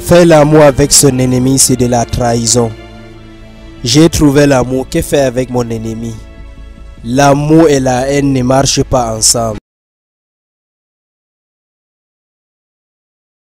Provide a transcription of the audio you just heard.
Faire l'amour avec son ennemi, c'est de la trahison. J'ai trouvé l'amour, que faire avec mon ennemi L'amour et la haine ne marchent pas ensemble.